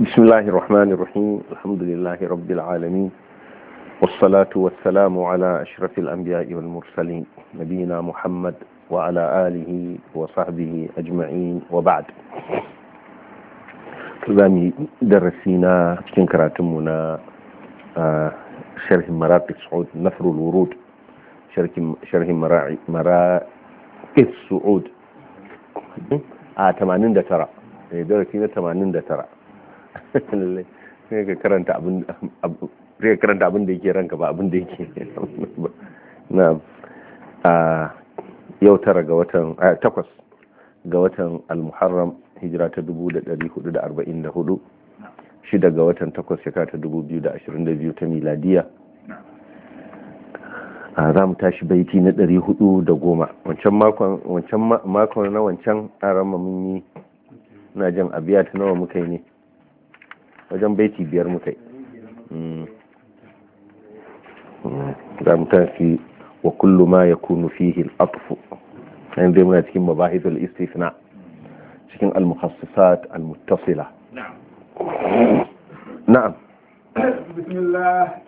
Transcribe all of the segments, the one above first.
بسم الله الرحمن الرحيم الحمد لله رب العالمين والصلاة والسلام على أشرف الأنبياء والمرسلين نبينا محمد وعلى آله وصحبه أجمعين وبعد كلامي درسينا كنكراتمنا آه، شرح مراقب سعود نفر الورود شرح مراقب سعود a 89 درسينا na 89 sai ka karanta abin da yake ranka ba abin da yake na a yau tara ga watan takwas ga watan al-muharram hijira ta 1444 shida ga watan takwas shekara ta 2022 ta miladiya za mu tashi baiti na 410 wancan makon wancan makon na wancan a mun yi na jan abiya ta nawa muka yi ne wajen baiti biyar muka yi za mu tafi wa kullu ma ya kunu fihi al'atfu yan zai muna cikin mabahith al'istifina cikin al-mukhassisat al-muttasila na'am bismillah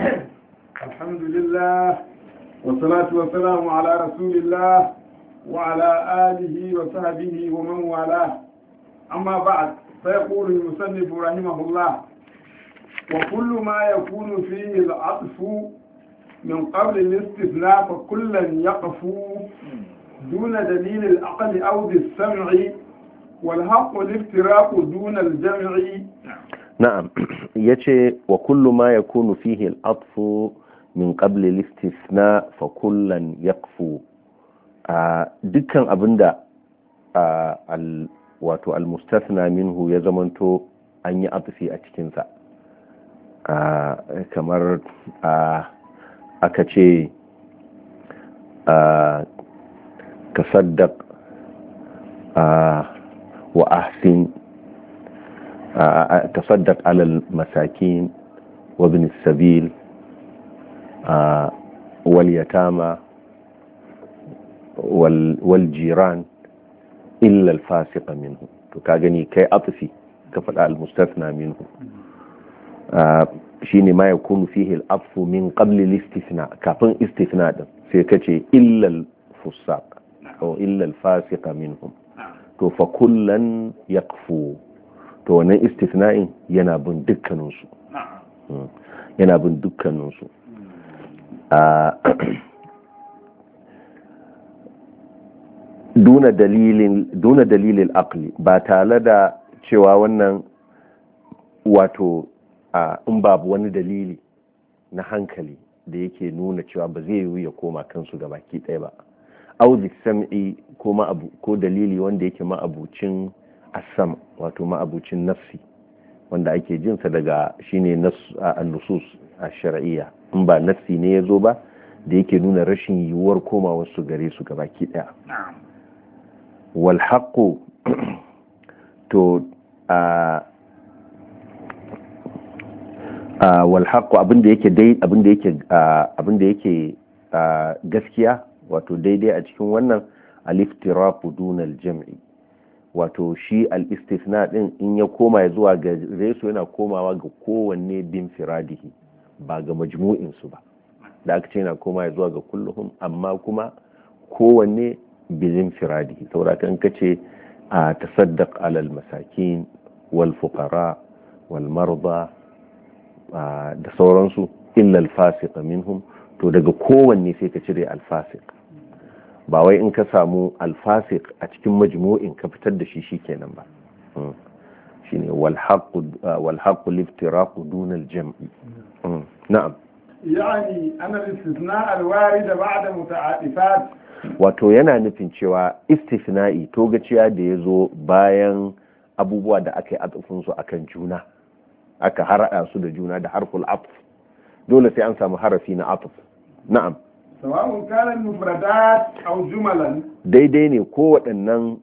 alhamdulillah والصلاة والسلام على رسول الله وعلى آله وصحبه ومن والاه أما بعد فيقول المصنف رحمه الله وكل ما يكون فيه العطف من قبل الاستثناء فكلا يقف دون دليل العقل أو بالسمع والحق الافتراق دون الجمع نعم يتي وكل ما يكون فيه العطف من قبل الاستثناء فكلا يقف دكان أبندا wato al-mustathna minhu ya zamanto an yi atfi a cikinsa kamar aka ce ka saddak wa ahsin saddak alal masakin wa bin sabil wal yatama wal jiran illa al fasiqa minhu to ka gani kai afsi ka faɗa al mustasna minhu shine ma yakunu fihi al-afu min qabli al-istithna kafin istithna din sai ka ce illal fusaq aw illa al-fasiqa minhum to fa kullan yaqfu to wannan istithna'in yana bin dukkaninsu yana bin dukkaninsu duna dalilin aqli ba tare da cewa wannan wato in babu wani dalili na hankali da yake nuna cewa ba zai yiwu ya koma kansu ga baki ɗaya ba auzi sam'i ko ko dalili wanda yake ma'abucin asam wato ma'abucin nafsi wanda ake jinsa daga shine nasus nusus shari'a shariyya in ba nafsi ne ya zo ba da yake nuna rashin yiwuwar komawar su gare su gabaki daya wal to a Walhaku abinda yake yake abinda gaskiya wato daidai a cikin wannan aliftirafu dunal jam'i wato shi al istisna din in ya koma ya zuwa ga resu yana komawa ga kowanne bin firadihi ba ga majmu'in su ba da aka ce yana koma ya zuwa ga kulluhum amma kuma kowanne bin firadihi saboda kan kace a tasaddaq alal masakin wal fuqara wal marda da sauransu illal alfasiq minhum to daga kowanne sai ka cire alfasik ba wai in ka samu alfasik a cikin majmu'in ka fitar da shi shikenan ba hmm. shine wal haqqu wal haqqu dun al jam'i hmm. na'am yani ana istisna al warida ba'da muta'atifat wato yana nufin cewa istisna'i togaciya da yazo bayan abubuwa da aka yi atsufin su akan juna aka harada su da juna da harful atf dole sai an samu harafi na atf na'am sawa'un kana mufradat aw jumalan daidai ne ko waɗannan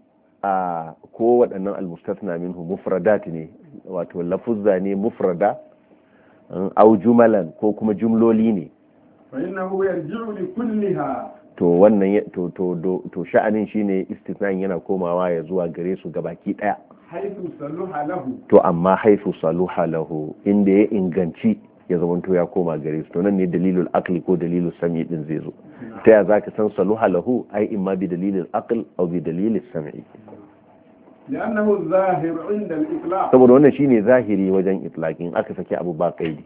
a ko waɗannan almustathna minhu mufradat ne wato lafuzza ne mufrada aw jumalan ko kuma jumloli ne fa innahu yarji'u li kulliha to wannan to to shi sha'anin shine yana komawa ya zuwa gare su gabaki daya to amma haifu saluha lahu inda ya inganci ya zama to ya koma gare su to nan ne dalilul aqli ko dalilul sam'i din zai zo ta ya zaka san saluha lahu ai imma bi dalilul aql aw bi dalilul sam'i لأنه ظاهر عند الإطلاق saboda wannan shine zahiri wajen itlaqin aka saki abu ba kaidi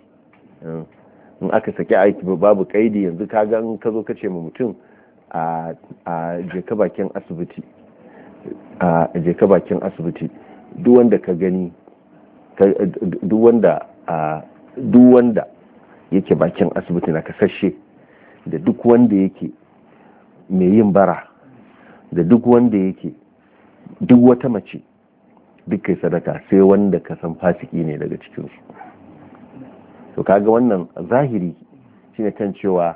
in aka saki aiki babu kaidi yanzu kaga in ka zo ka ce ma mutum a jeka bakin asibiti a asibiti duk wanda ka gani duk wanda yake bakin asibiti na kasashe da duk wanda yake mai yin bara da duk wanda yake duk wata mace duk kai sadaka sai wanda ka san fasiki ne daga cikinsu to kaga wannan zahiri shine kan cewa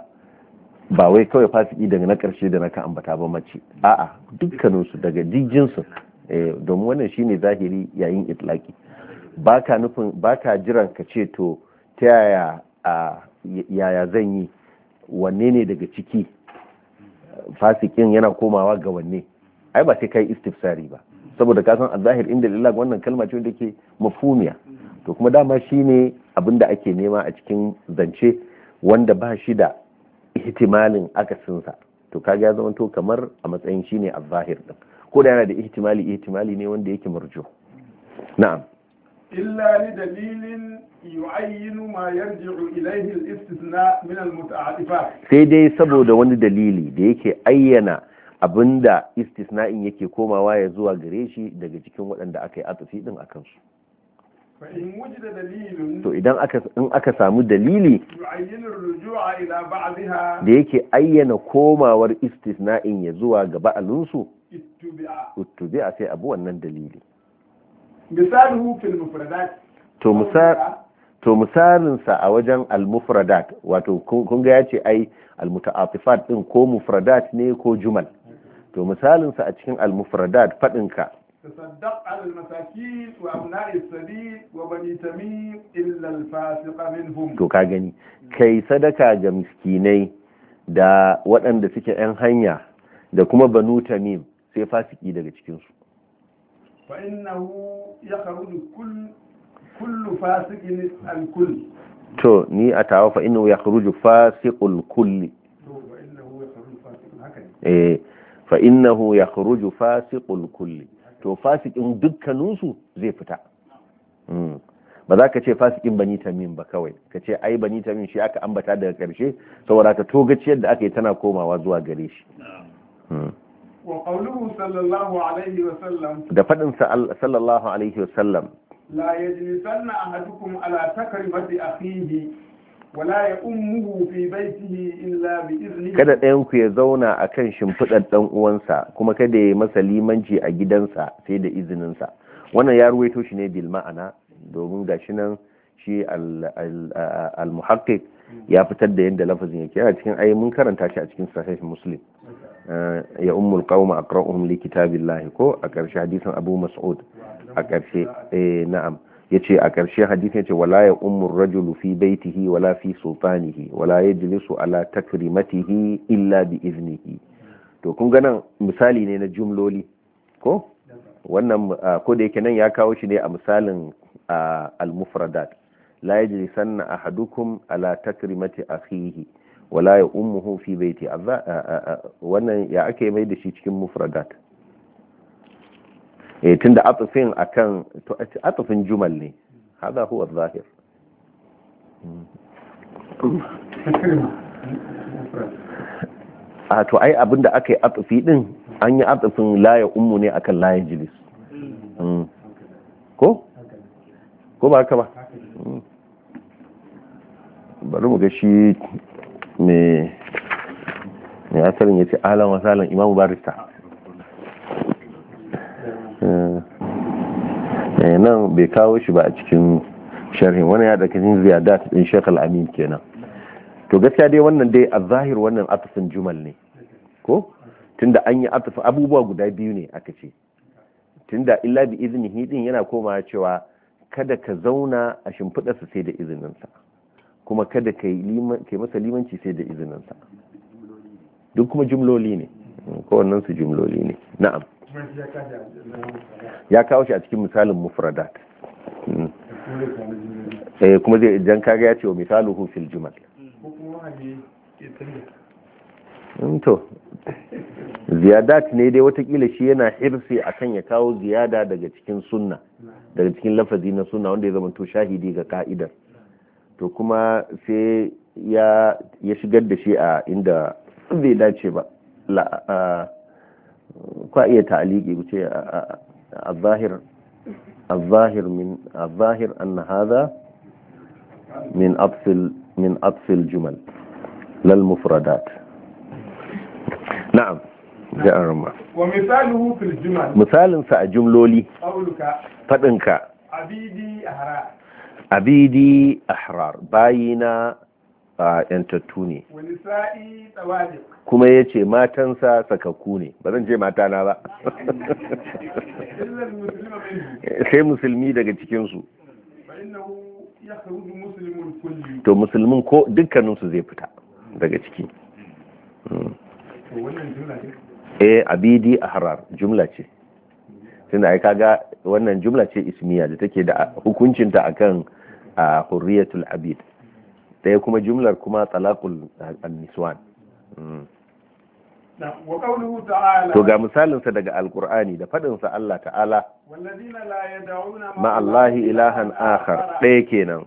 ba wai kawai fasiki daga na karshe da ka ambata ba mace a'a dukkaninsu daga eh domin wannan shine zahiri yayin itlaki baka nufin baka jiran ka ce to ta yaya yaya zan yi wanne ne daga ciki fasikin yana komawa ga wanne ai ba sai kai istifsari ba saboda ka san azahir inda lillahi wannan kalma ce wanda ke mafhumiya to kuma dama shine abinda da ake nema a cikin zance wanda ba shi da ihtimalin akasinsa to kaga ya zama to kamar a matsayin shine a zahir din ko da yana da ihtimali ihtimali ne wanda yake marjo na'am illa li dalilin yu'ayyin ma yarji'u ilayhi al-istithna min al-muta'atifat sai dai saboda wani dalili da yake ayyana abinda istisna'in yake komawa ya zuwa gare shi daga cikin waɗanda aka yi atafi din akan su to idan aka in aka samu dalili da yake ayyana komawar istisna'in ya zuwa ga ba'alinsu ittubi'a sai abu wannan dalili to misalinsa a wajen al wato kunga ga yace ai al-muta'atifat din ko mufradat ne ko jumal to misalinsa a cikin al-mufradat fadinka تصدق على المساكين وابناء السبيل وبني تميم الا الفاسق منهم تو كاغني كي صدقة جمسكيني دا وأن دا سكي أن هنيا دا كوما بنو تميم سي فاسقي دا جتكينسو فانه يخرج كل كل فاسق الكل تو ني اتاو فانه يخرج فاسق الكل فإنه يخرج فاسق الكل to fasikin dukkaninsu zai fita hmm. ba za ka ce fasikin bani tamim ba kawai ka ce ai bani tamim shi aka ambata daga karshe saboda ka togaciyar da aka yi tana komawa zuwa gare shi hmm. da faɗin sallallahu alaihi wasallam la yajlisanna ahadukum ala takrimati akhihi kada ɗayan ku ya zauna akan shimfiɗar ɗan uwansa kuma kada ya masa limanci a gidansa sai da izinin sa wannan ya ruwaito shi ne bil ma'ana domin gashi nan shi al muhaqqiq ya fitar da yadda lafazin ya yana cikin ayi mun karanta shi a cikin sahih muslim eh, ya ummul qauma aqra'uhum li kitabillahi ko a ƙarshe hadisin abu mas'ud a ƙarshe eh na'am yace a ƙarshe hadisi yace wala ya ummur rajulu fi baitihi wala fi sultanihi wala yajlisu ala takrimatihi illa bi iznihi to kun ganan misali ne na jumloli ko wannan ko da yake nan ya kawo shi ne a misalin al-mufradat la yajlisanna ahadukum ala takrimati akhihi wala ya ummuhu fi baiti wannan ya ake mai da shi cikin mufradat eh tunda atufin a kan atufin jumal ne haɗa huwa zahir a to ai abinda aka yi atufi din an yi atufin laye umu ne akan laye jilis mm. ko ko ba haka ba mm. bari mu ga shi ne asalin ya ce alan wasalan imamu barista nan bai kawo shi ba a cikin sharhin wani ya daga cikin ziyadat din Sheikh Al-Amin kenan to gaskiya dai wannan dai a zahir wannan atafin jumal ne ko tunda an yi atafin abubuwa guda biyu ne aka ce tunda illa bi iznihi din yana komawa cewa kada ka zauna a shimfiɗa su sai da sa, kuma kada ka yi masa limanci sai da sa, duk kuma jumloli ne kowannen su jumloli ne na'am ya kawo shi a cikin misalin mufradat hmm. eh, kuma zai idan kaga ya ce wa misalin fil jumal hmm, to ziyadat ne dai watakila shi yana hirsi akan ya kawo ziyada daga cikin sunna daga cikin lafazi na sunna wanda ya zama to shahidi ga ka'idar to kuma sai ya shigar da shi a inda zai dace ba kwa iya ta'aliki ku ce a zahir a zahir min al-zahir min absil min jumal lal mufradat na'am ja'arma wa misaluhu fil jumal misalin sa a jumloli qauluka fadinka abidi ahrar abidi ahrar bayina yantattu ne kuma ya ce matansa sakakku ne ba zan ce matana ba sai musulmi daga cikinsu to musulmin ko dukkaninsu zai fita daga ciki hmm. a eh, abidi ahrar jumla ce tunda ai kaga wannan jumla ce ismiya da take da hukuncinta akan hurriyatul abid ɗaya kuma jumlar kuma talaqul al niswan mm. to ga misalinsa daga alkur'ani da faɗinsa Allah ta'ala ma ma'allahi ilahan akhar ɗaya kenan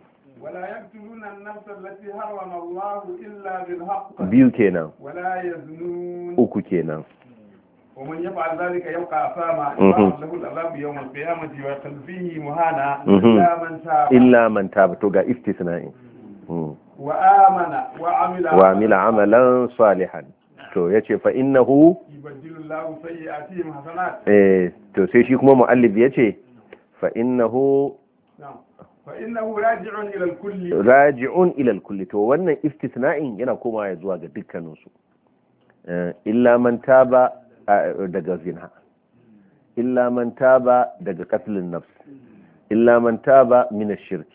biyu kenan uku kenan ومن يفعل ذلك يلقى أثاما له العذاب يوم القيامة ويخلد مهانا إلا من تاب إلا من تاب توقع استثنائي wa amana wa amila amalan salihan to yace fa innahu yubaddilullahu eh to sai shi kuma muallif ya ce. innahu fa innahu raji'un ila kulli to wannan istisna'in yana komawa ya zuwa ga dukkaninsu. su eh, illa man taba daga zina illa man taba daga qatlin nafs illa man taba min ash-shirk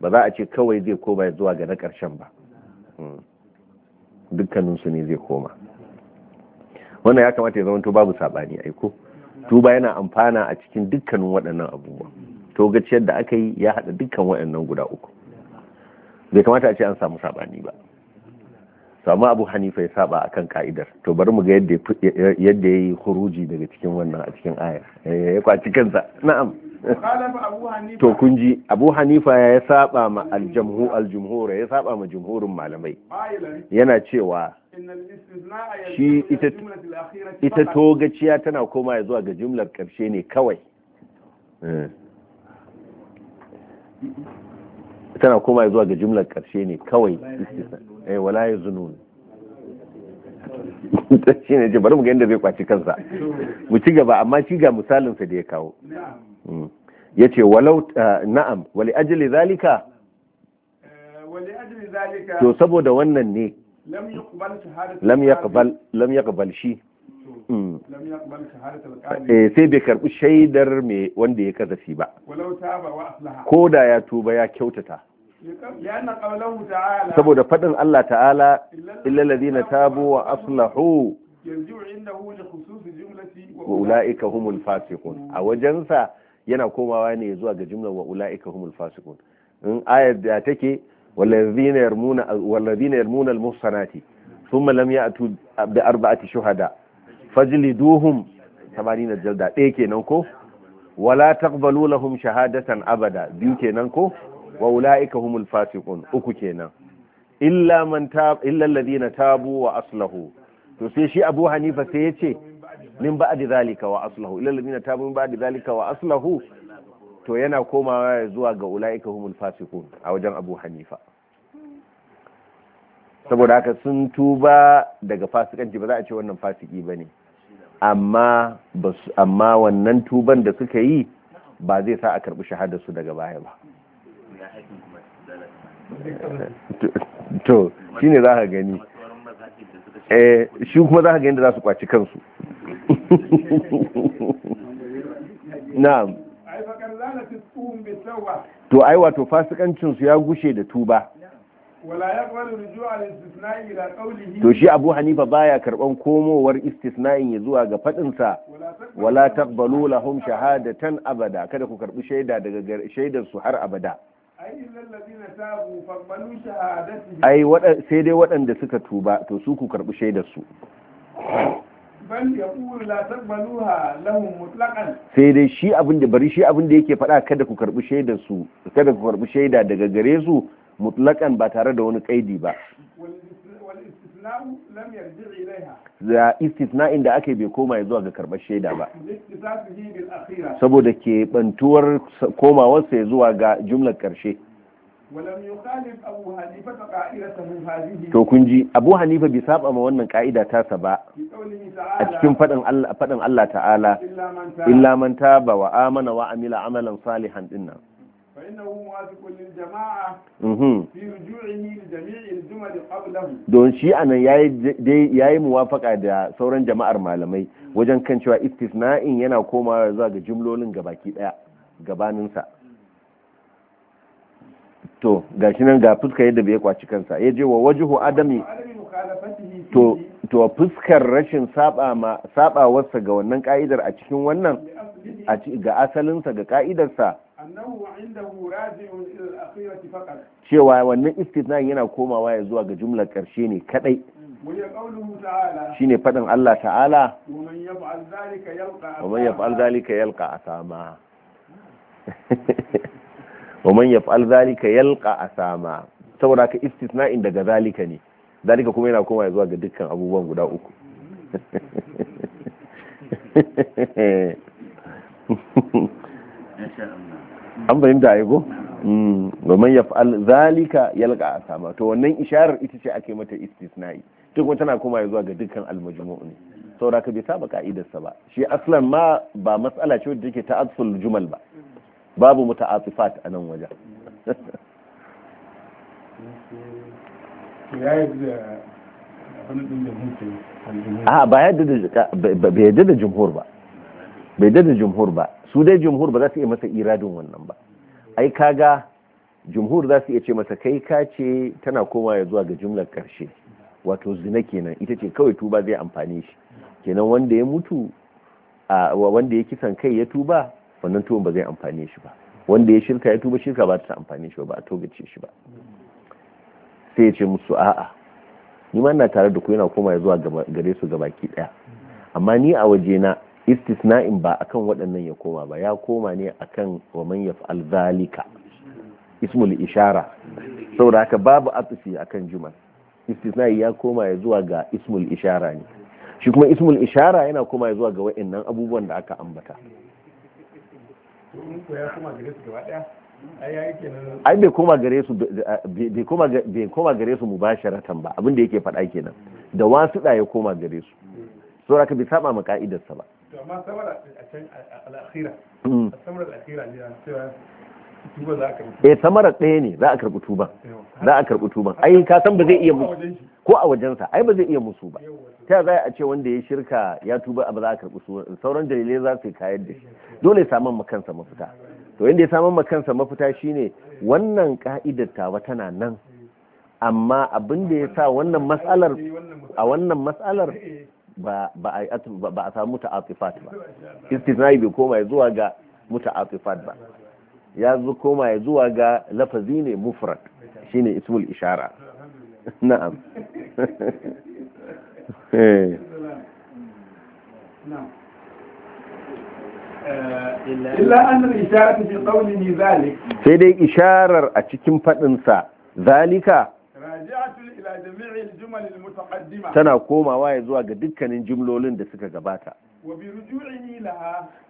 ba za a ce kawai zai koma zuwa ga na ƙarshen ba dukkaninsu ne zai koma wannan ya kamata ya zama to babu saɓani aiko tuba yana amfana a cikin dukkanin waɗannan abubuwa to gaciyar da aka yi ya haɗa dukkan waɗannan guda uku bai kamata a ce an samu saɓani ba samu abu hanifa ya saba akan ka'idar to bari mu ga yadda ya yi huruji daga cikin wannan a cikin ayar eh, ya kwaci kansa na'am to kun ji abu hanifa ya saba ma aljumhur ya saba ma jumhurin malamai yana cewa shi ita togaciya tana koma zuwa ga jumlar karshe ne kawai eh. tana koma zuwa ga jumlar karshe ne kawai eh wala zunun shi ne je bari mu ga yadda zai kwaci kansa mu ci gaba amma shi ga misalinsa da ya kawo yace walau eh, na'am wali ajili zalika eh, wali to saboda wannan ne lam yaqbal shahadatu shi mm. eh, sai bai karbi shaidar mai wanda ya kazafi ba ko da ya tuba ya kyautata saboda faɗin Allah ta'ala illalladina tabu wa aslahu wa ula'ika humul fasiqun mm. a wajensa yana komawa ne zuwa ga jumlar wa ula'ika humul fasikun in ayar da take wallazina yarmuna wallazina yarmuna almuhsanati thumma lam ya'tu bi arba'ati shuhada fajliduhum 80 jalda ɗaya kenan ko wala taqbalu lahum shahadatan abada biyu kenan ko wa ula'ika humul fasikun uku kenan illa man ta illa alladhina tabu wa aslahu to sai shi Abu Hanifa sai yace. ce min da zalika wa aslahu ila alladhina tabu min da zalika wa aslahu to yana komawa zuwa ga ulaika humul fasiqun a wajen Abu Hanifa saboda haka sun tuba daga fasikanci ba za a ce wannan fasiki bane amma amma wannan tuban da suka yi ba zai sa a karbi shahadar su daga baya ba to shine za ka gani eh shi kuma za ka gani da za su kwaci kansu na'am to ai wato fasikancin su ya gushe da tuba to shi abu hanifa baya karban komowar istisna'in ya zuwa ga fadinsa wala taqbalu lahum shahadatan abada kada ku karbi shaida daga shaidar su har abada ai sai dai waɗanda suka tuba to su ku karbi shaidar su sai dai shi abin da bari shi abin da yake faɗa kada ku karɓi shaida su kada ku karɓi shaida daga gare su mutlaƙan ba tare da wani kaidi ba da istisna inda aka bai koma ya zuwa ga karɓar shaida ba saboda ke bantuwar komawarsa ya zuwa ga jumlar ƙarshe to kun ji abu hanifa bai saba ma wannan ka'ida tasa ba a cikin faɗin Allah ta'ala illa man taba wa amana wa amila amalan salihan dinnan. fa don shi anan ya yi muwafaka da sauran jama'ar malamai wajen kan cewa istisna'in yana komawa zuwa ga jumlolin gabaki daya gabaninsa to gashi nan ga fuska yadda bai kwaci kansa ya je wa wajihu adami to to fuskar rashin saba ma wasa ga wannan ka'idar a cikin wannan ga asalinsa ga ka'idarsa cewa wannan istithna yana komawa ya zuwa ga jumla karshe ne kadai ne faɗin Allah ta'ala wa man yaf'al zalika yalqa asama wa man yaf'al zalika yalqa asama saboda ka istisna'in daga zalika ne zalika kuma yana koma zuwa ga dukkan abubuwan guda uku an fahimta aiko mm. wa man fa'al zalika yalqa sama. to wannan isharar ita ce ake mata istisna'i duk kuma tana komawa zuwa ga dukkan almajimu ne saboda ka bai saba ka'idarsa ba shi aslan ma ba matsala ce wadda take ta jumal ba babu muta'atifat a nan wajen ya ba yadda da da jumhur ba bai yadda da jumhur ba su dai jumhur ba za su iya masa iradin wannan ba ai kaga jumhur za su iya ce masa kai ka ce tana koma ya zuwa ga jumlar karshe wato zina kenan ita ce kawai tuba zai amfani shi kenan wanda ya mutu wanda ya kisan kai ya tuba wannan tuwon ba zai amfani shi ba wanda ya shirka ya tuba shirka ba ta amfani shi ba ba a togace shi ba sai ya ce musu a'a ni ma ina tare da ku yana koma zuwa gare su gabaki daya amma ni a waje na istisna'in ba akan waɗannan ya koma ba ya koma ne akan wa man alzalika ismul ishara saboda haka babu atsi akan jumal istisna'i ya koma ya zuwa ga ismul ishara ne shi kuma ismul ishara yana koma ya zuwa ga waɗannan abubuwan da aka ambata ai bai koma gare su bai koma bai koma gare su mubasharatan ba abin da yake faɗa kenan da wasu da ya koma gare su saboda ka bi saba ma ka'idar sa ba to amma samar a can al-akhira samar al-akhira ne cewa eh samara ɗaya ne za a karɓi tuban za a karɓi tuban ai ka san ba zai iya musu ko a wajensa ai ba zai iya musu ba ta za a ce wanda ya shirka ya tuba ba za a karɓi su sauran dalilai za su kayar da shi dole ya samu makansa mafita to inda ya samu makansa mafita shine wannan ka'idar tawa tana nan amma abin da ya sa wannan matsalar a wannan matsalar ba a samu ta'atifat ba istisnai bai koma zuwa ga muta'atifat ba ya zo koma ya zuwa ga lafazi ne mufrad shine ismul ishara na'am eh. sai dai isharar a cikin fadinsa zalika tana komawa ya zuwa ga dukkanin jimlolin da suka gabata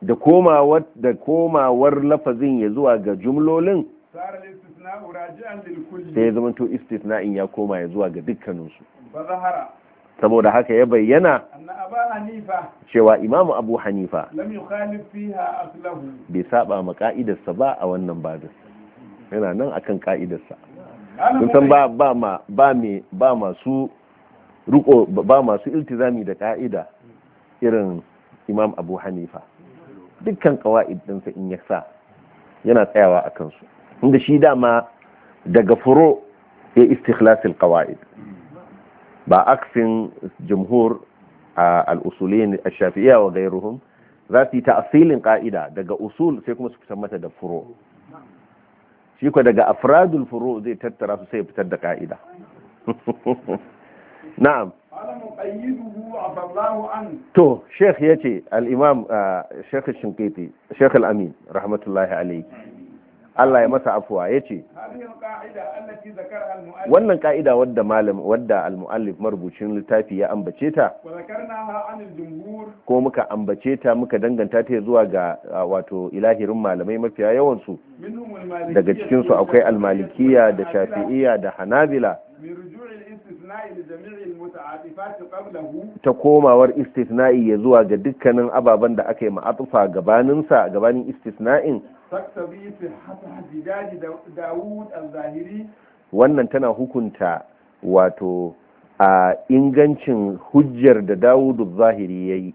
da komawar da komawar lafazin ya zuwa ga jumlolin sai ya zama to istisna'in ya koma ya zuwa ga dukkaninsu saboda haka ya bayyana cewa imamu abu hanifa bai saba ma ka'idarsa ba a wannan babin yana nan akan ka'idarsa kun san ba masu ruko ba masu iltizami da ka'ida irin imam abu hanifa dukkan kawa'id ɗinsa in ya sa yana tsayawa a kansu inda shi dama daga furo ya istikhlasil kawa'id ba aksin jumhur a al'usulin shafi'iyya wa gairuhun za su yi ta'asilin daga usul sai kuma su fitar mata da furo shi ko daga afradul furo zai tattara su sai fitar da ka'ida na'am to sheikh ya ce al'imam uh, sheikh shinkiti sheikh al'amin rahmatullahi alaihi Allah ya masa afuwa ya ce wannan ka'ida wadda malam wadda al-mu'allif marubucin littafi ya ambace ta ko muka ambace ta muka danganta ta zuwa ga uh, wato ilahirin malamai mafiya yawansu daga cikinsu akwai almalikiya da shafi'iya da hanabila ta komawar istisna'i ya zuwa ga dukkanin ababan da aka yi ma'atufa sa gabanin istisna'in wannan tana hukunta wato a ingancin hujjar da dawudu zahiri ya yi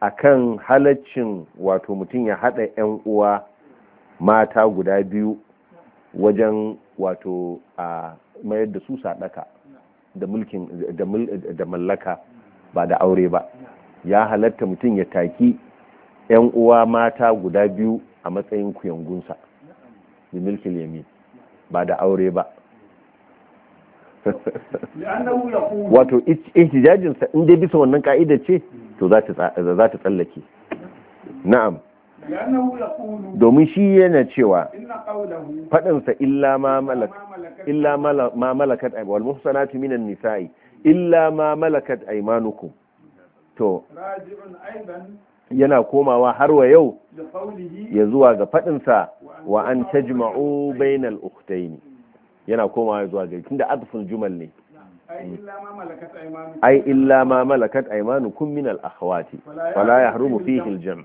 a kan halaccin wato mutum ya haɗa 'yan uwa mata guda biyu wajen wato a mayar da su sadaka da mulkin da mallaka ba da aure ba ya halatta mutum ya taki yan uwa mata guda biyu a matsayin kuyangunsa da milkin yami ba da aure ba wato ihtijajinsa in dai bisa wannan ka'idar ce to za ta tsallake na'am domin shi yana cewa faɗinsa illa ma malakat wal muhsanatu minan nisa'i illa ma malakat aymanukum to yana komawa har wa yau ya zuwa ga faɗinsa wa an tajma'u bainal ukhtaini yana komawa zuwa ga tunda adful jumal ne ai illa ma malakat aymanukum min al akhawati fala yahrumu fihi al jam'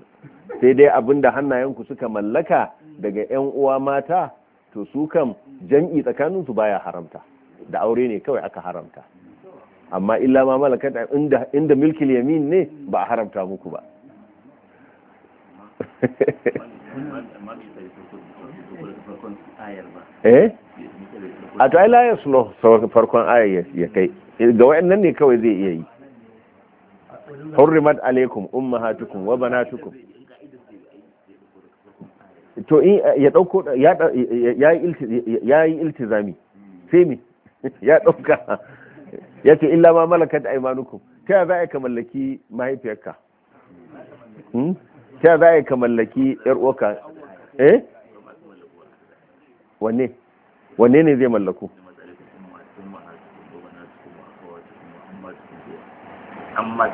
sai dai abin da hannayenku suka mallaka daga 'yan uwa mata to su kam jam'i tsakaninsu baya haramta da aure ne kawai aka haramta amma illa ma malakat inda inda milkil yamin ne ba a haramta muku ba eh a to ai la yaslo farkon ayar ya kai ga wayannan ne kawai zai iya yi hurrimat alaikum ummahatukum wa banatukum to in eh, ya dauko ya yi iltizami sai me ya dauka ya ce illa ma malakat aymanukum ta ya za a ka mallaki mahaifiyarka hmm? ta ya za a ka mallaki yar uwarka eh wanne wanne ne zai mallaku amma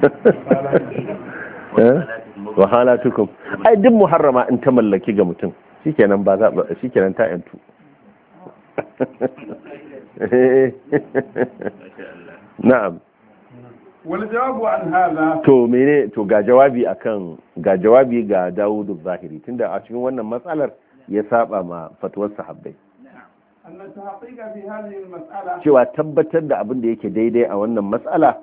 ta eh? wa halatukum ai duk muharrama in ta mallaki ga mutum shikenan ba za shikenan ta yantu na'am wal jawabu an hada to mene to ga jawabi akan ga jawabi ga Dawud zahiri tunda a cikin wannan matsalar ya saba ma fatuwar sahabbai cewa tabbatar da abin da yake daidai a wannan matsala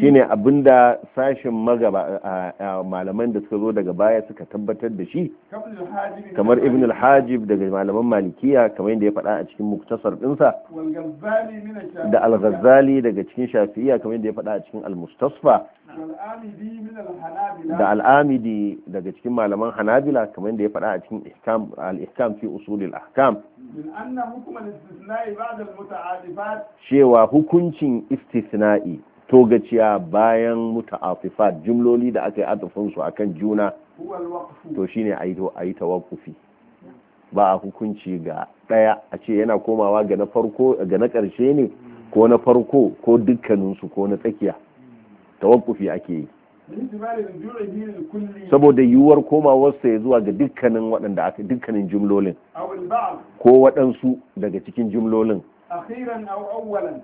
shine abinda sashen magaba malaman da suka zo daga baya suka tabbatar da shi kamar ibn al-hajib daga malaman malikiya kamar yadda ya faɗa a cikin muktasar dinsa da al-ghazali daga cikin shafiya kamar yadda ya faɗa a cikin al-mustasfa da al-amidi daga cikin malaman hanabila kamar yadda ya faɗa a cikin al-ihkam fi usulil ahkam cewa hukuncin istisna'i togaciya bayan muta'atifat jumloli da aka yi atufinsu a kan juna to shi ne a yi tawakufi ba a hukunci ga ɗaya a ce yana komawa ga na farko ga na ƙarshe ne ko na farko ko dukkaninsu ko na tsakiya tawakufi ake yi saboda yiwuwar komawarsa ya zuwa ga dukkanin waɗanda aka dukkanin jumlolin ko waɗansu daga cikin jimlolin,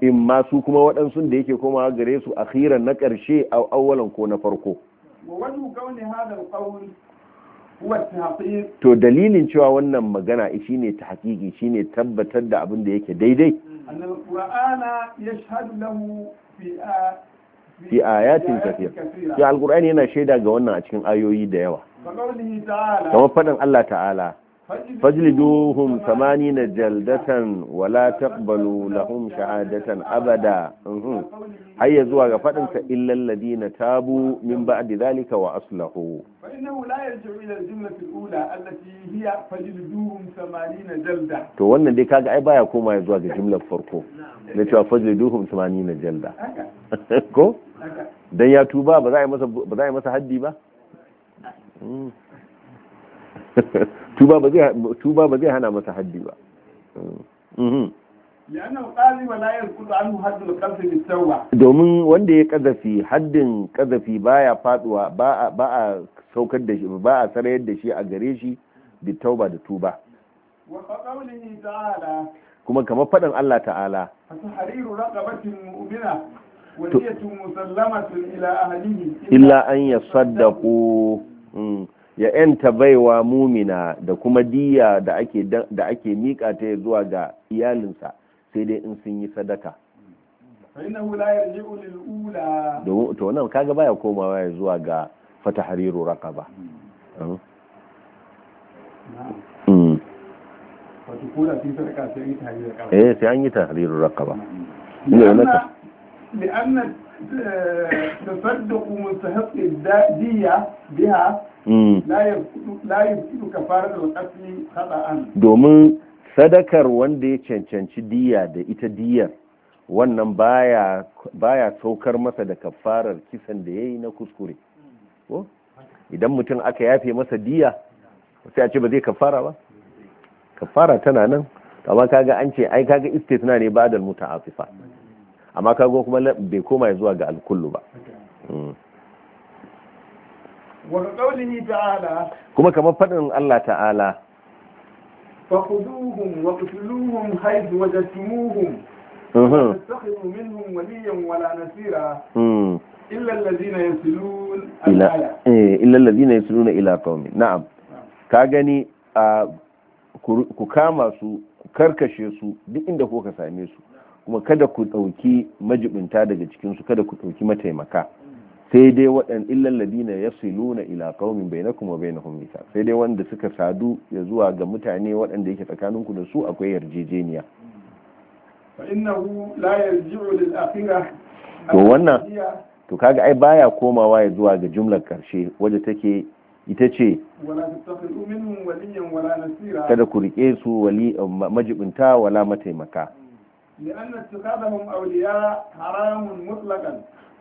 in ma su kuma waɗansu da yake komawa gare su akhiran na ƙarshe a awwalan ko na farko to dalilin cewa wannan magana shi ne ta hakiki shine tabbatar da abin da yake daidai fi ayatin kafir ya alqur'ani yana shaida ga wannan a cikin ayoyi da yawa kamar faɗin Allah ta'ala fajliduhum na jaldatan wala taqbalu lahum shahadatan abada har ya zuwa ga fadin sa illal ladina tabu min ba'di zalika wa aslahu fa innahu la yarji'u ila al-jumlati al-ula allati hiya fajliduhum 80 jalda to wannan dai kaga ai baya koma ya zuwa ga jumlar farko na cewa fajliduhum 80 jalda ko dan ya tuba ba za a yi masa haddi ba tuba ba zai hana masa haddi ba mm-hmm. domin wanda ya kazafi haddin kazafi baya faduwa ba a saukar da shi ba a sarayar da shi a gare shi bi tauba da tuba kuma kamar faɗin Allah ta'ala Ila an yasaddaqu mm. ya yanta baiwa mumina da kuma diya da ake miƙa mika ta zuwa ga iyalinsa sai dai in sun yi sadaka to nan kaga baya komawa ya zuwa ga fata hariru hmm. hmm. hmm. raqaba eh sai an yi tahriru raqaba ne naka لأن تصدق مستحق الدية بها Mm. domin sadakar wanda ya cancanci diya da ita diyar wannan baya saukar masa da kafarar kisan da ya yi na kuskure idan mutum aka yafe masa diya sai a ce ba zai kafara ba kafara tana nan amma kaga an ce ai kaga na ne ba da mutaafifa amma kaga kuma bai koma zuwa ga alkullu ba mm. kuma kamar faɗin Allah ta'ala فخذوهم واقتلوهم mhm. hmm. eh, a وجدتموهم ولا تتخذوا ku kama su ku karkashe su duk inda kuka same su kuma kada ku ɗauki majibinta daga cikin su kada ku ɗauki mataimaka sai dai waɗan illan ladina ya siluna ila bai na kuma bai na nisa sai dai wanda suka sadu ya zuwa ga mutane waɗanda yake tsakaninku da su akwai yarjejeniya to wannan to kaga ai baya komawa ya zuwa ga jumlar karshe wadda take ita ce kada ku rike su wali majibinta wala mataimaka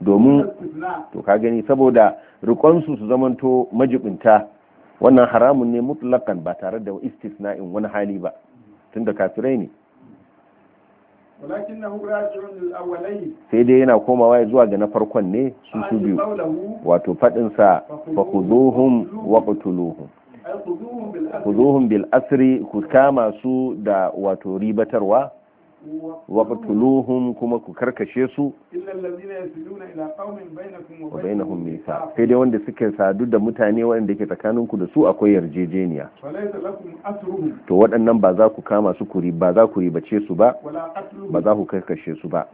domin to ka gani saboda rikonsu su zamanto majibinta wannan haramun ne mutlakan ba tare da istisna'in wani hali ba tunda kafirai ne sai dai yana komawa zuwa ga na farkon ne su su biyu wato faɗinsa fa kuzuhum wa bil asri ku kama su da wato ribatarwa wabtuluhum kuma ku karkashe su wa sai dai wanda suke sadu da mutane wanda ke ku da su akwai yarjejeniya to waɗannan ba za ku kama su kuri ba za ku ribace su ba ba za ku karkashe su ba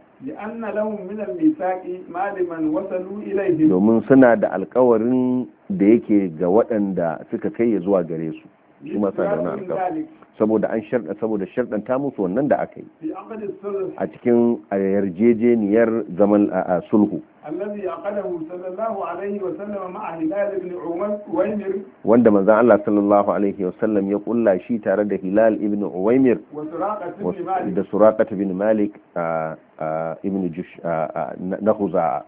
domin suna da alkawarin da yake ga waɗanda suka kai ya zuwa gare su su masa da wani alkawari saboda an sharɗa saboda ta musu wannan da aka yi a cikin yarjejeniyar zaman a sulhu wanda manzan Allah sallallahu alaihi wasallam ya kulla shi tare da hilal ibn uwaimir da suraqat ibn malik ibn jush na da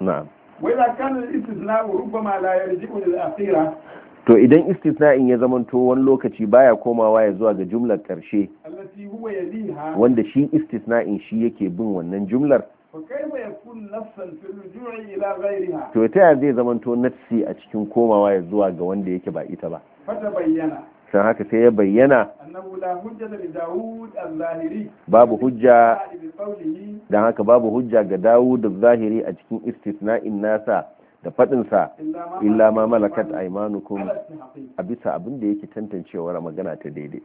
na'am وإذا كان الاستثناء ربما لا يرجع للأخيرة to idan istisna'in ya zamanto wani lokaci baya komawa ya zuwa ga jumlar karshe wanda shi istisna'in shi yake bin wannan jumlar to ta yaya zai zamanto nafsi a cikin komawa ya zuwa ga wanda yake ba ita ba san haka sai ya bayyana babu hujja don haka babu hujja ga dawud zahiri a cikin istisna'in nasa da faɗinsa illa ma malakat aimanukum a bisa abin da yake tantancewar magana ta daidai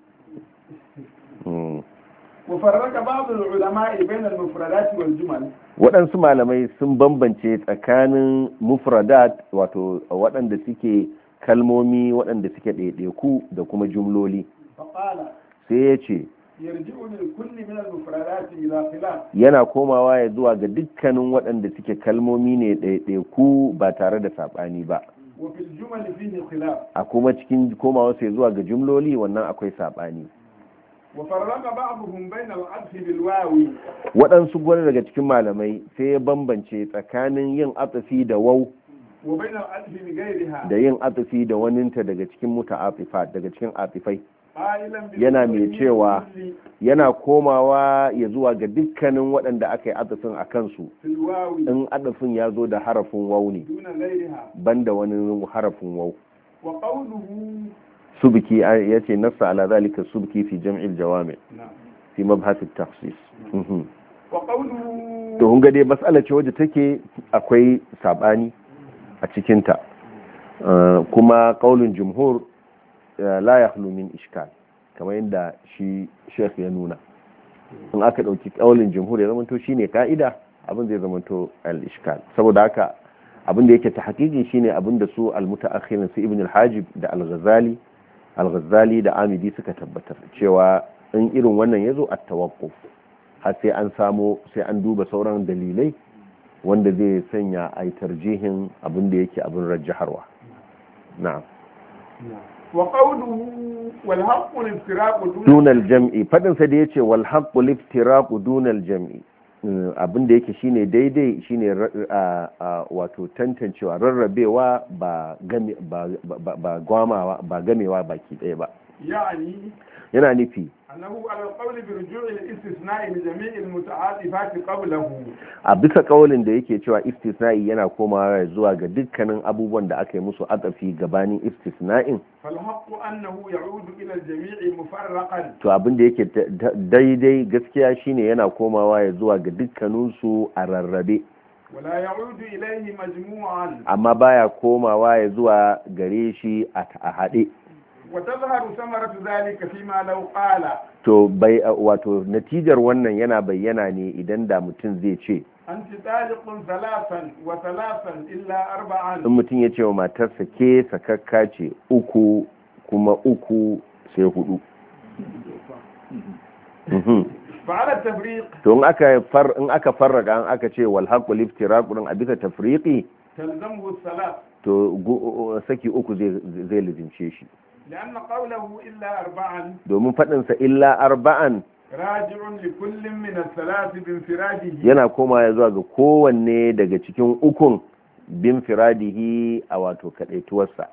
hmm. waɗansu malamai sun bambance tsakanin mufradat wato waɗanda suke kalmomi waɗanda suke ɗaiɗaiku da kuma jumloli sai ya ce yana komawa ya zuwa ga dukkanin waɗanda suke kalmomi ne ku ba tare da saɓani ba a kuma cikin komawa sai zuwa ga jumloli wannan akwai saɓani waɗansu gwani daga cikin malamai sai ya bambance tsakanin yin atsafi da wau da yin atsafi da waninta daga cikin muta daga cikin atifai yana mai cewa yana komawa ya zuwa ga dukkanin waɗanda aka yi adafin a kansu in adafin ya zo da harafin wau ne banda wani harafin wau subki ya ce nasa ala zalika biki fi jam'il jawami fi mabhasin tafsis mhm. to hunga dai matsala ce waje take akwai sabani a cikinta uh, kuma kaulin jumhur Eh, la yahlu min iskal kamar yadda shi shek ya nuna in aka ɗauki kaulin jumhur ya shi ne ka'ida abin zai zamanto al iskal saboda haka abin da yake ta hakiki ne abin da su al akhirin su ibn al hajib da al ghazali al ghazali da amidi suka tabbatar cewa in irin wannan ya zo a tawaqquf har sai an samo sai an duba sauran dalilai wanda zai sanya a yi tarjihin abin da yake abin rajaharwa na'am wa wal dunal jam'i fadin sa da yace ce haqqu jam'i mm, abin yake shine daidai shine wato tantancewa rarrabewa ba ba ba gwamawa ba gamewa baki ɗaya ba yana nufi أنه على القول برجوع الاستثناء لجميع المتعاطفات قبله a bisa kaulin da yake cewa istisna'i yana komawa zuwa ga dukkanin abubuwan da aka yi musu atsafi gabanin istisna'in to abin da yake daidai gaskiya shine yana komawa ya zuwa ga dukkaninsu a rarrabe amma baya komawa ya zuwa gare shi a haɗe وتظهر ثمرة ذلك فيما لو قال to bai wato natijar wannan yana bayyana ne idan da mutum zai ce anti taliqun salasan wa salasan illa arba'an in mutum ya ce wa matarsa ke sakakka ce uku kuma uku sai hudu mhm. fa'ala tafriq to in aka far in aka farraka an aka ce wal haqqu liftiraq din a bisa tafriqi talzamu salat to saki uku zai zai lizince shi domin faɗinsa illa arba'an yana koma ya zuwa ga kowanne daga cikin ukun bin firadihi a wato kadaituwarsa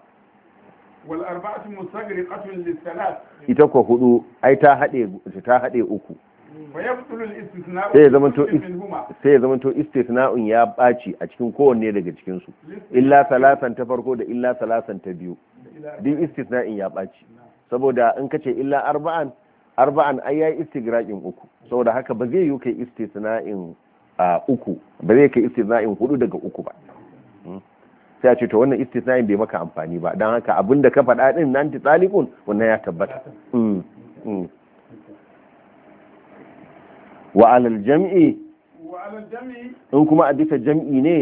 ita kwa hudu ai ta haɗe uku sai ya zamanto istis na'un ya ɓaci a cikin kowanne daga cikinsu illa salasan ta farko da illa salasan ta biyu din istisna'in ya ɓaci saboda in ka ce illa arba'an arba'an ai yayi istigra'in uku saboda haka ba zai yi kai istisna'in uku ba zai kai istisna'in hudu daga uku ba hmm? sai a ce to wannan istisna'in bai maka amfani ba don haka abin da ka faɗa din nan ti tsalikun wannan ya tabbata hmm. Hmm. wa alal jam'i in kuma a bisa jam'i ne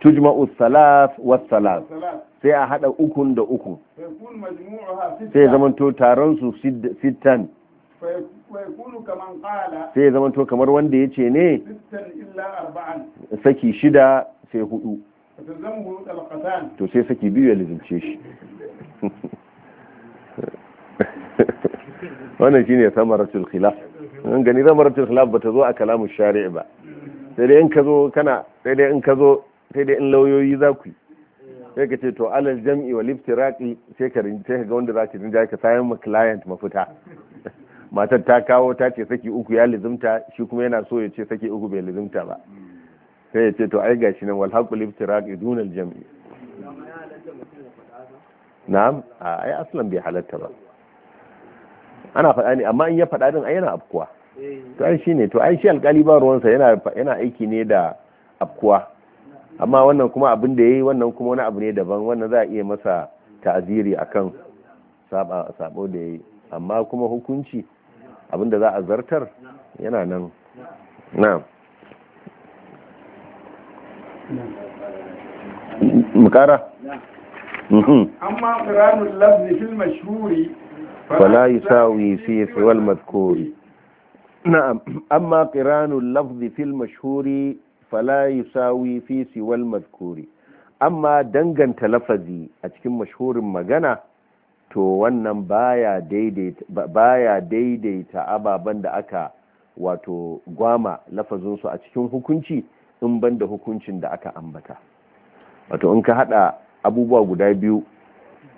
tujma'u salaf wa salaf sai a hada ukun da uku sai zamanto taron su sittan sai zamanto kamar wanda ya ce ne saki shida sai hudu to sai saki biyu ya lizince shi wannan shine ratul khilaf an gani ratul khilaf bata zo a kalamun shari'a ba sai dai in ka zo kana sai dai in ka zo sai dai in lauyoyi za ku yi sai ka ce to alal jam'i wa iftiraqi sai ka sai ka ga wanda ka rinja ka sayan ma client mafita matar ta kawo ta ce saki uku ya lizumta shi kuma yana so ya ce saki uku bai lizumta ba sai ya ce to ai gashi nan wal haqul iftiraqi dunal jam'i na'am ai aslan bai halatta ba ana faɗa ne amma in ya faɗa din ai yana afkuwa eh. to ai shine to ai shi alƙali ba ruwansa yana yana aiki ne da afkuwa amma wannan kuma abin da ya yi wannan kuma wani abu ne daban wannan za a iya masa ta'aziri a kan sabo da ya yi amma kuma hukunci abin da za a zartar yana nan na mukara mm-hmm. amma qira'atul lafzi fil mashhuri fala yusawi fi fiwal matkori na'am amma qira'atul lafzi fil mashhuri fala yusawi fi siwal madhkuri amma danganta lafazi a cikin mashhurin magana to wannan baya daidaita baya daidaita ababen da aka wato gwama lafazinsu a cikin hukunci in banda hukuncin da aka ambata wato in ka hada abubuwa guda biyu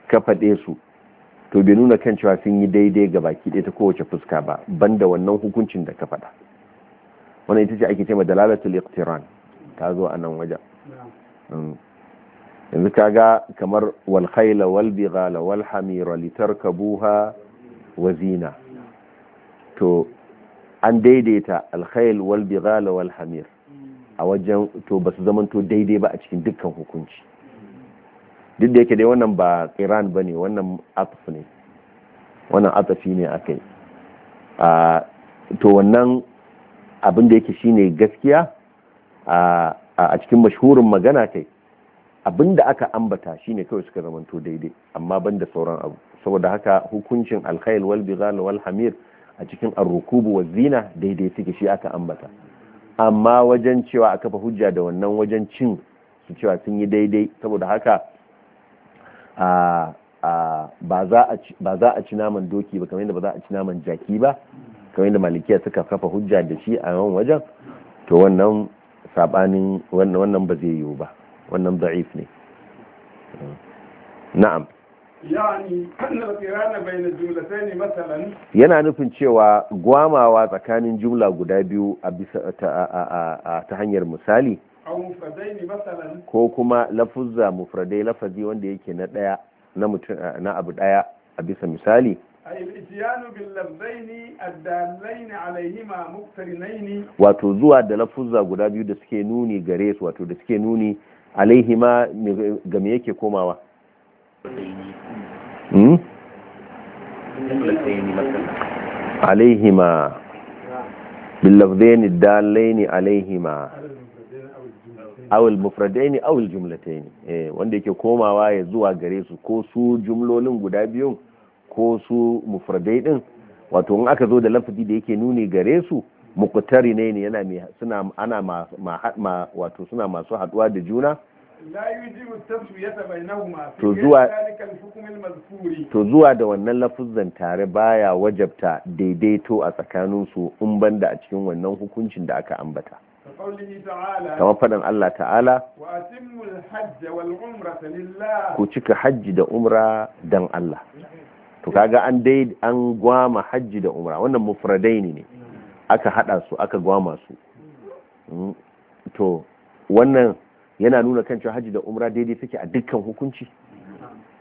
ka faɗe su to bai nuna kan cewa sun yi daidai ga baki ɗaya ta kowace fuska ba banda wannan hukuncin da ka faɗa wannan ita ce ake cewa ma dalalatul iqtiran ta zo a nan wajen mm. yanzu kaga kamar wal khayla wal bighala wal hamira litarkabuha wa zina to an daidaita al khayl wal bighala wal hamir mm. a wajen to ba su zamanto daidai ba a cikin dukkan hukunci duk da yake dai wannan ba iran ba ne wannan ataf ne wannan atafi ne a kai ah, to wannan abin da yake shine gaskiya a cikin mashhurin magana kai abin da aka ambata shine kawai suka zamanto daidai amma ban da sauran abu saboda haka hukuncin alkhail wal bighal wal hamir a cikin arrukubu wa zina daidai suke shi aka ambata amma wajen cewa a kafa hujja da wannan wajen cin su cewa sun yi daidai saboda haka ba za a ci naman doki ba kamar yadda ba za a ci naman jaki ba kamar yadda malikiya suka kafa hujja da shi a yawan wajen to wannan sabanin wannan ba zai yiwu ba wannan da'if ne na'am yana nufin cewa gwamawa tsakanin jumla guda biyu a ta hanyar misali ko kuma lafuzza mufradai lafazi wanda yake na daya na abu daya a bisa misali wato zuwa da lafuzza guda biyu da suke nuni gare su wato da suke nuni alaihima ga me yake komawa alaihima billafzaini dalaini alaihima Awul mufradaini awul jumlataini wanda yake komawa ya zuwa gare su ko su jumlolin guda biyun ko su mufradai din wato in aka zo da lafazi da yake nuni gare su muqtari ne ne yana mai suna ana ma, ma, wato suna masu haduwa da juna to zuwa da wannan lafuzan tare baya wajabta daidaito a tsakanin su in banda a cikin wannan hukuncin da aka ambata kamar faɗin Allah ta'ala ku cika hajji da umra dan Allah to kaga an dai an gwama hajji da umra wannan mufradaini ne aka hada su aka gwama su mm. to wannan yana nuna kan cewa hajji da umra daidai suke a dukkan hukunci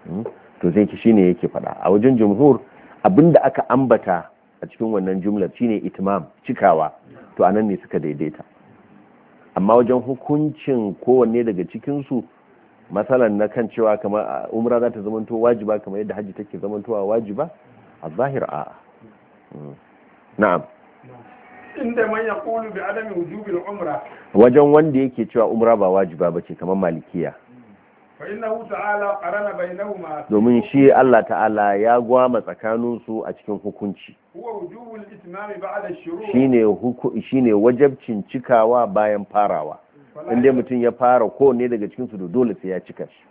mm. to zai ki shine yake fada a wajen jumhur abinda aka ambata a cikin wannan jumlar shine itimam cikawa to anan ne suka daidaita amma wajen hukuncin kowanne daga cikin su matsalan na kan cewa kamar umra za ta zamanto wajiba kamar yadda hajji take zamantowa wajiba a zahir a mm. na'am inda man ya kulu bi adami wujubil umra wajen wanda yake cewa umra ba wajiba bace kamar malikiya domin shi Allah ta'ala ya gwama tsakaninsu a cikin hukunci shi ne wajabcin cikawa bayan farawa Inda mutum ya fara kowanne daga cikin su dole sai ya cika shi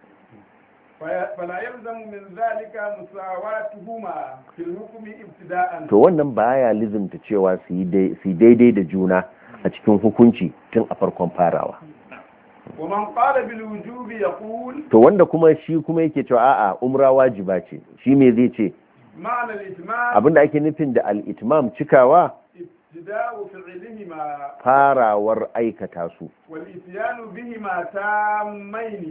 Falayar zamu min zalika musawatuhuma fil hukmi ibtida'an to wannan baya lizumta cewa su daidai da juna a cikin hukunci tun a farkon farawa to wanda kuma shi kuma yake cewa a'a umra wajiba ce shi me zai ce abinda ake nufin da al-itmam cikawa farawar aikata su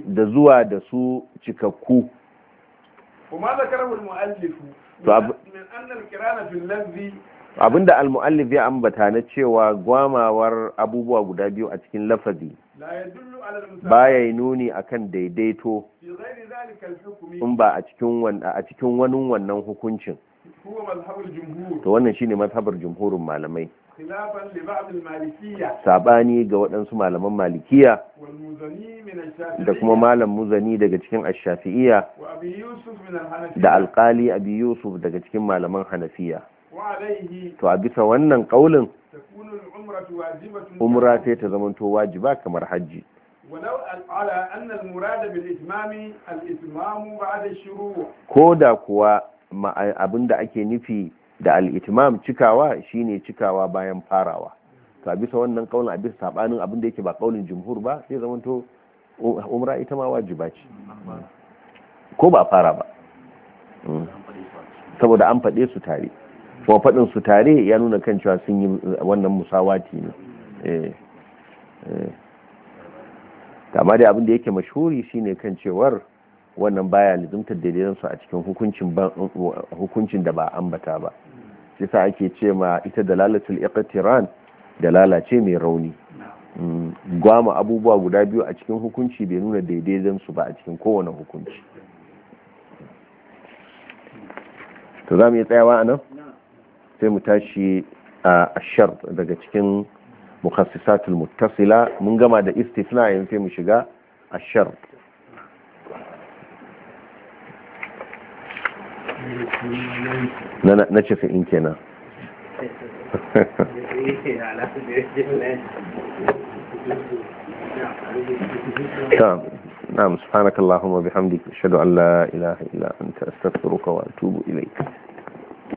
da zuwa da su cikakku abinda al-mu'allif ya ambata na cewa gwamawar abubuwa guda biyu a cikin lafazi baya nuni a kan daidaito in ba a cikin wani wannan hukuncin to wannan shine mazhabar jumhurin malamai sabani ga waɗansu malaman malikiya da kuma malam muzani daga cikin ashafi'iya da alkali abi yusuf daga cikin malaman hanafiya to a bisa wannan kaulin umra sai ta zamanto wajiba kamar hajji Ko da kuwa. abinda ake nufi da al'itimam cikawa shine cikawa bayan farawa to a bisa wannan kaulin abin saɓanin sabanin abinda yake ba ƙaunin jumhur ba sai to umra ita ma wajiba ce ko ba fara ba mm. saboda an faɗe su tare ko faɗin su tare ya nuna kan cewa sun yi eh, wannan musawati ne eh, eh. amma dai abin da yake mashhuri shine kan cewar wannan baya lizumtar dalilansu a cikin hukuncin da ba ambata ba shi sa ake ce ma ita dalalatul iqtiran dalala ce mai rauni mm, gwama abubuwa guda biyu a cikin hukunci bai nuna daidaitan su ba a cikin kowane hukunci to za mu yi tsayawa a nan sai mu tashi a shar daga cikin mukhassisatul muttasila mun gama da istisna yanzu sai mu shiga ashar na casa'in kenan نعم نعم سبحانك اللهم وبحمدك اشهد ان لا اله الا انت استغفرك واتوب اليك